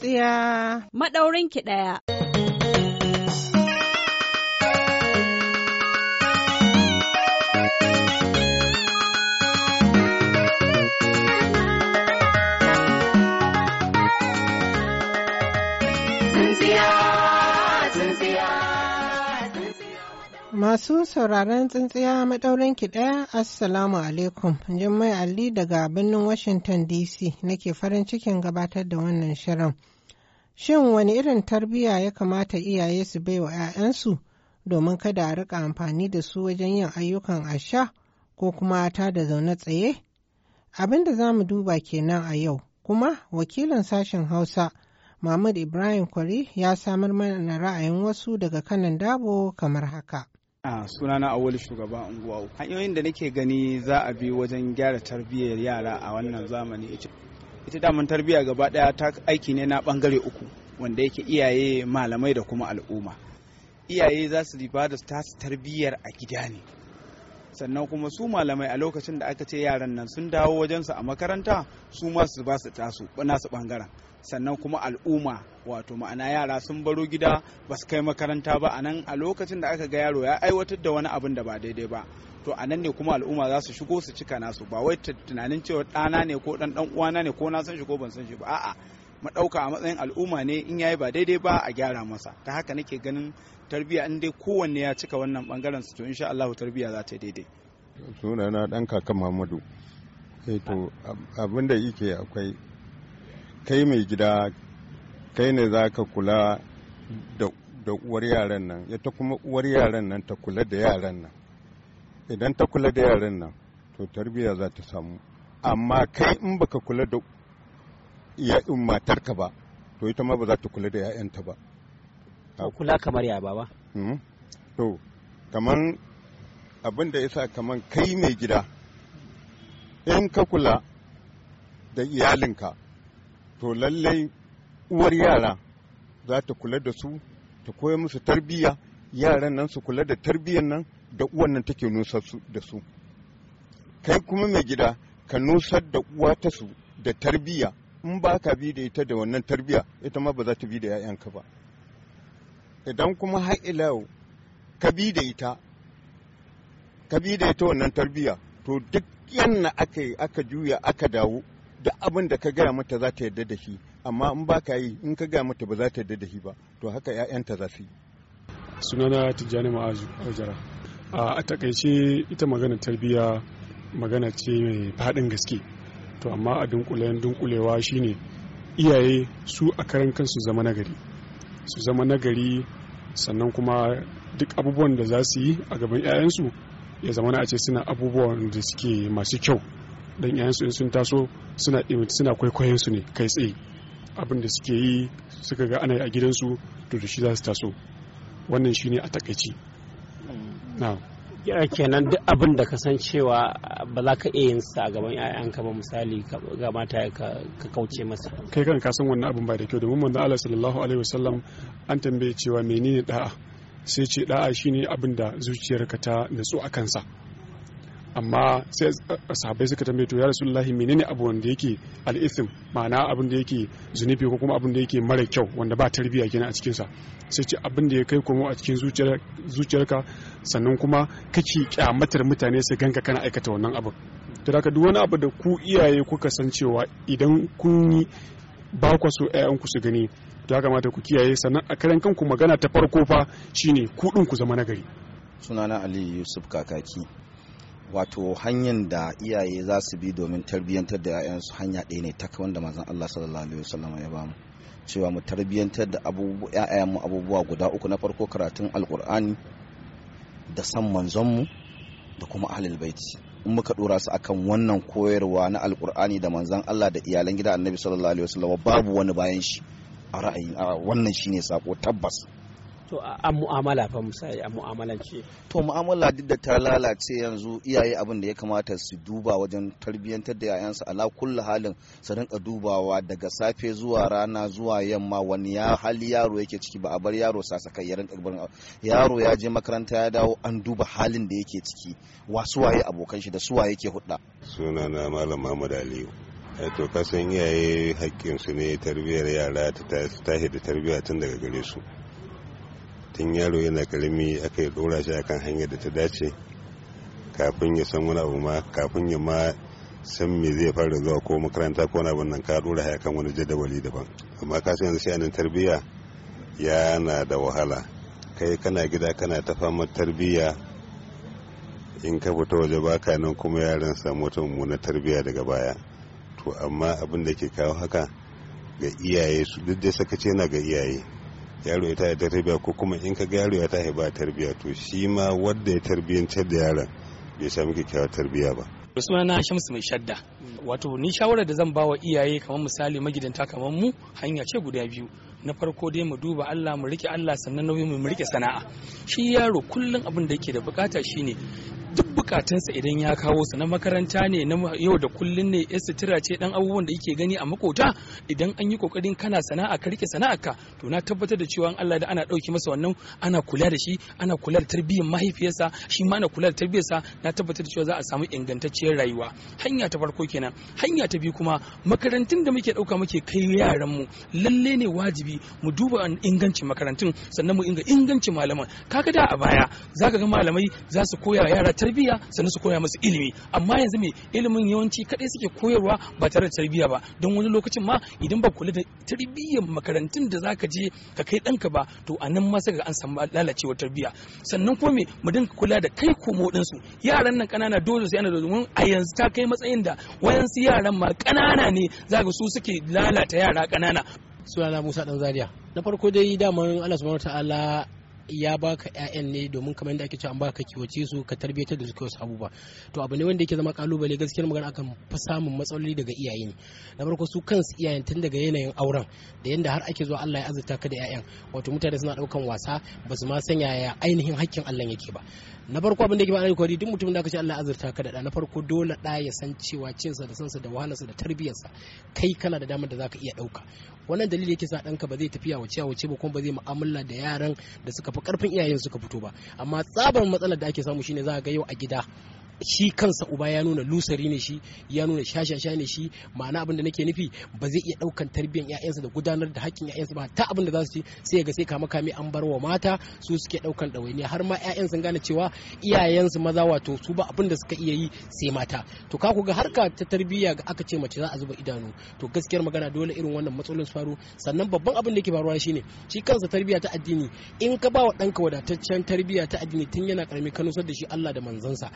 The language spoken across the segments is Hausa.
tsiya maɗaurin ki ɗaya. Masu sauraron tsintsiya maɗaurin ki ɗaya Assalamu alaikum. Jummai alli daga birnin Washington DC nake farin cikin gabatar da wannan shirin. Shin wani irin tarbiyya ya kamata iyaye su bai wa 'ya'yansu domin kada a rika amfani da su wajen yin ayyukan asha ko kuma ta da zaune tsaye? Abin da za mu duba kenan a yau, kuma wakilin sashen Hausa Mahmud Ibrahim Kwari ya samar mana ra'ayin wasu daga kanan dabo kamar haka. A sunana Awolu shugaban unguwa. Hanyoyin da nake gani za a bi wajen gyara tarbiyyar yara a wannan zamani. Ita damar tarbiyya gaba daya ta aiki ne na bangare uku wanda yake iyaye malamai da kuma al'umma. Iyaye za su riba da tasu tarbiyyar a gida ne. sannan kuma su malamai a lokacin da aka ce yaran nan sun dawo wajensu a makaranta su ma su ba su tasu nasu bangaren sannan kuma al'umma wato ma'ana yara sun baro gida ba su kai makaranta ba a nan a lokacin da aka ga yaro ya aiwatar da wani abin da ba daidai ba to a nan ne kuma al'umma za su shigo su cika nasu ba wai tunanin cewa ɗana ne ko ɗan ɗan uwana ne ko na san shi ko ban san shi ba a'a mu ɗauka a matsayin al'umma ne in yayi ba daidai ba a gyara masa ta haka nake ganin tarbiyya in dai kowanne ya cika wannan bangaren su to insha Allah tarbiyya za ta yi daidai sunana ɗan kaka Muhammadu eh to abin da yake akwai kai mai gida kai ne za ka kula da uwar yaran nan ita kuma uwar yaran nan ta kula da yaran nan idan ta kula da yaran nan to tarbiyya za ta samu amma kai in baka kula da matar matarka ba to ita ma ba za ta kula da 'ya'yanta ba kula kamar ya baba hmm? to kamar abin da yasa kamar kai mai gida in ka kula da iyalinka to lallai uwar yara za ta kula da su ta koya musu tarbiyya yaran nan su kula da tarbiyyar nan da uwan nan take nusar da su kai kuma mai gida ka nusar da uwa ta su da tarbiyya in ba ka bi da ita da wannan tarbiyya ita ma ba za ta bi da 'ya'yanka ba idan kuma har ila yau ka bi da ita ka bi da ita wannan tarbiyya to duk yanna aka yi aka juya aka dawo duk abin da ka gaya mata za ta yarda da shi amma in ba ka yi in ka gaya mata ba za ta yarda da shi ba to haka 'ya'yanta za su yi sunana tijjani ma'aju aujara a takaice ita magana tarbiyya magana ce mai faɗin gaske to amma a dunkule dunkulewa shine iyaye su a karan kansu zama nagari su zama nagari sannan kuma duk abubuwan da za su yi a gaban 'ya'yansu ya zama na ce suna abubuwan da suke masu kyau dan yayansu in sun taso suna suna kwaikwayon su ne kai tsaye abin da suke yi suka ga ana yi a gidansu to da shi za su taso wannan shine a takaici na kenan duk abin da ka san cewa ba za ka iya yin sa a gaban ka ba misali ga mata ka kauce masa kai kan ka san wannan abin ba da kyau domin manzo Allah sallallahu alaihi wasallam an tambaye cewa menene da'a sai ce da'a shine abin da zuciyarka ta natsu a kansa amma sai sahabbai suka tambaye to ya rasulullahi menene abu wanda yake al'ithim ma'ana abin da yake zunubi ko kuma abin da yake mara kyau wanda ba tarbiyya kenan a cikin sa sai ce abin da ya kai komo a cikin zuciyarka sannan kuma kake kyamatar mutane su ganka kana aikata wannan abin to da duk wani abu da ku iyaye kuka san cewa idan kun yi ba ku so ƴaƴanku su gani to ya kamata ku kiyaye sannan a karan kanku magana ta farko fa shine ku ku zama nagari sunana ali yusuf kakaki wato hanyar da iyaye za su bi domin tarbiyyantar da 'ya'yansu hanya ɗaya ne ta wanda manzon Allah sallallahu alaihi wasallam ya bamu cewa mu tarbiyyantar da mu abubuwa guda uku na farko karatun alkur'ani da san manzonmu da kuma ahlul baiti in muka dora su akan wannan koyarwa na alkur'ani da manzon Allah da iyalan gida annabi sallallahu alaihi wasallam babu wani bayan shi a ra'ayi wannan shine sako tabbas to a mu'amala fa misali a mu'amalance to mu'amala duk da ta lalace yanzu iyaye abin da ya kamata su duba wajen tarbiyyantar da yayansu ala kulli halin su rinka dubawa daga safe zuwa rana zuwa yamma wani ya hali yaro yake ciki ba a bar yaro sasakai ya rinka yaro ya je makaranta ya dawo an duba halin da yake ciki wa suwaye abokan shi da suwa yake hudda sunana malam Muhammad Aliyu eh, to kasan iyaye hakkin su ne tarbiyyar yara ta tashi da tarbiyya tun daga gare su tun yaro yana karami aka yi dora shi akan hanyar da ta dace kafin ya san wani abu ma kafin ya ma san me zai fara zuwa ko makaranta ko na nan ka dora shi akan wani jadawali daban amma ka san yanzu sha'anin tarbiyya yana da wahala kai kana gida kana ta famar tarbiyya in ka fita waje baka nan kuma yaran samu wata mummunar tarbiyya daga baya to amma abin da ke kawo haka ga iyaye su duk da sakace na ga iyaye yaro ya tashi da tarbiya ko kuma in ka ga yaro ya tashi ba tarbiya to shi ma wanda ya tarbiyancar da yaron bai sami kyakkyawar tarbiya ba suna na shamsu mai shadda wato ni shawarar da zan ba wa iyaye kamar misali magidanta kamar mu hanya ce guda biyu na farko dai mu duba Allah mu rike Allah sannan nauyin mu rike sana'a shi yaro kullum abin da yake da bukata shine duk bukatunsa idan ya kawo su na makaranta ne na yau da kullun ne ya sutura ce dan abubuwan da yake gani a makota idan an yi kokarin kana sana'a ka rike ka to na tabbatar da cewa Allah da ana dauki masa wannan ana kula da shi ana kula da tarbiyyar mahaifiyarsa shi ma ana kula da tarbiyyarsa na tabbatar da cewa za a samu ingantacciyar rayuwa hanya ta farko kenan hanya ta biyu kuma makarantun da muke dauka muke kai yaran mu lalle ne wajibi mu duba ingancin makarantun sannan mu inga ingancin malaman kaga da a baya zaka ga malamai za su koya yara tarbiyya sannan su koya musu ilimi amma yanzu me ilimin yawanci kadai suke koyarwa ba tare da tarbiyya ba don wani lokacin ma idan ba kula da tarbiyyar makarantun da za ka je ka kai ɗanka ba to a nan ma sai an samu lalacewar tarbiyya sannan kuma me mu dinga kula da kai komo ɗinsu yaran nan ƙanana dole sai ana da domin a yanzu ta kai matsayin da wayansu yaran ma ƙanana ne zaka su suke lalata yara ƙanana sunana Musa Danzariya na farko dai daman Allah subhanahu wataala ya baka ƴaƴan ne domin kamar yadda ake cewa an baka kiwace su ka tarbiyyar da su kai wasu abubuwa to abu ne wanda yake zama kalubale gaskiyar magana akan fi samun matsaloli daga iyaye ne na farko su kansu iyayen tun daga yanayin auren da yanda har ake zuwa Allah ya azurta ka da ƴaƴan wato mutane suna daukan wasa ba su ma sanya ya ainihin hakkin Allah yake ba na farko abin da ke ba'a alƙawari duk mutumin da aka ce Allah azurta ka da na farko dole da ya san cewa cinsa da sansa da wahalarsa da tarbiyarsa kai kana da damar da zaka iya ɗauka wannan dalili yake sa ɗanka ba zai tafiya wace wace ba kuma ba zai mu'amala da yaran da suka fi karfin iyayen suka fito ba amma tsabar matsalar da ake samu shine za ga yau a gida shi kansa uba ya nuna lusari ne shi ya nuna shashasha ne shi ma'ana abin da nake nufi ba zai iya daukan tarbiyyar ƴaƴansa da gudanar da hakkin ƴaƴansa ba ta abin da za su ci sai ga sai kama kame an bar wa mata su suke daukan ɗawainiya har ma ƴaƴan sun gane cewa iyayensu maza wato su ba abin da suka iya yi sai mata to ka ga harka ta tarbiyya ga aka ce mace za a zuba idanu to gaskiyar magana dole irin wannan matsalolin su faru sannan babban abin da ke faruwa shine shi kansa tarbiyya ta addini in ka ba wa ɗanka wadataccen tarbiyya ta addini tun yana karami ka nusar da shi Allah da manzansa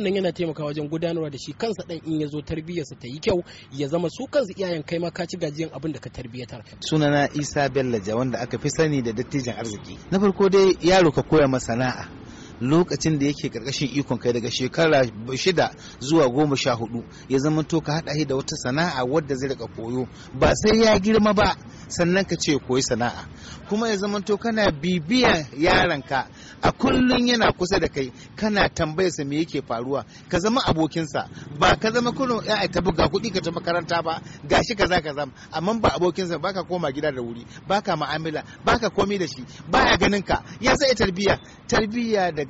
wannan yana taimakawa wajen gudanarwa da shi kansa dan in ya zo tarbiyyarsa ta yi kyau ya zama su kansu iyayen kai ma ka ci gajiyan abin da ka tarbiyyatar sunana isa bellaja wanda aka fi sani da dattijan arziki na farko dai yaro ka koya masana'a lokacin da yake karkashin ikon kai daga shekara shida zuwa goma sha hudu ya zama to ka haɗa da wata sana'a wadda zai rika koyo ba sai ya girma ba sannan ka ce koyi sana'a kuma ya zama to kana bibiyan yaranka a kullum yana kusa da kai kana tambayar sa me yake faruwa ka zama abokinsa ba ka zama kullum ya ta buga kuɗi ka ta makaranta ba gashi kaza kaza amma ba abokinsa baka koma gida da wuri baka ma'amala baka komi da shi baya ganin ka ya sai tarbiyya tarbiyya da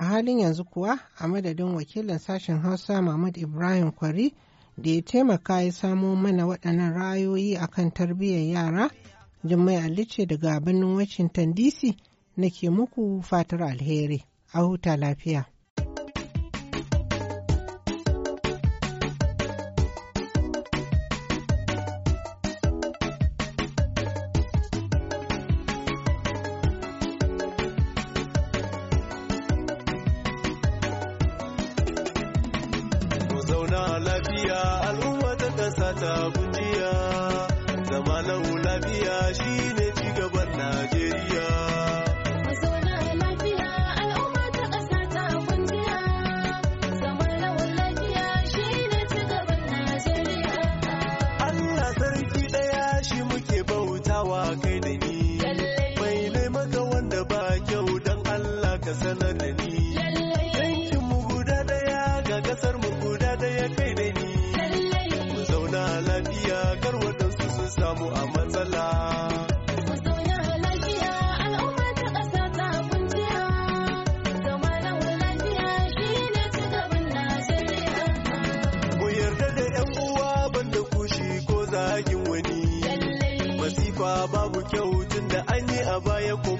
a halin yanzu kuwa a madadin wakilin sashen hausa mahmud ibrahim kwari da ya taimaka ya samo mana waɗannan ra'ayoyi akan tarbiyyar yara jimmai alice daga birnin washington dc nake muku fatar alheri a huta lafiya zauna lafiya al'umma ta kasa ta kujiya eu com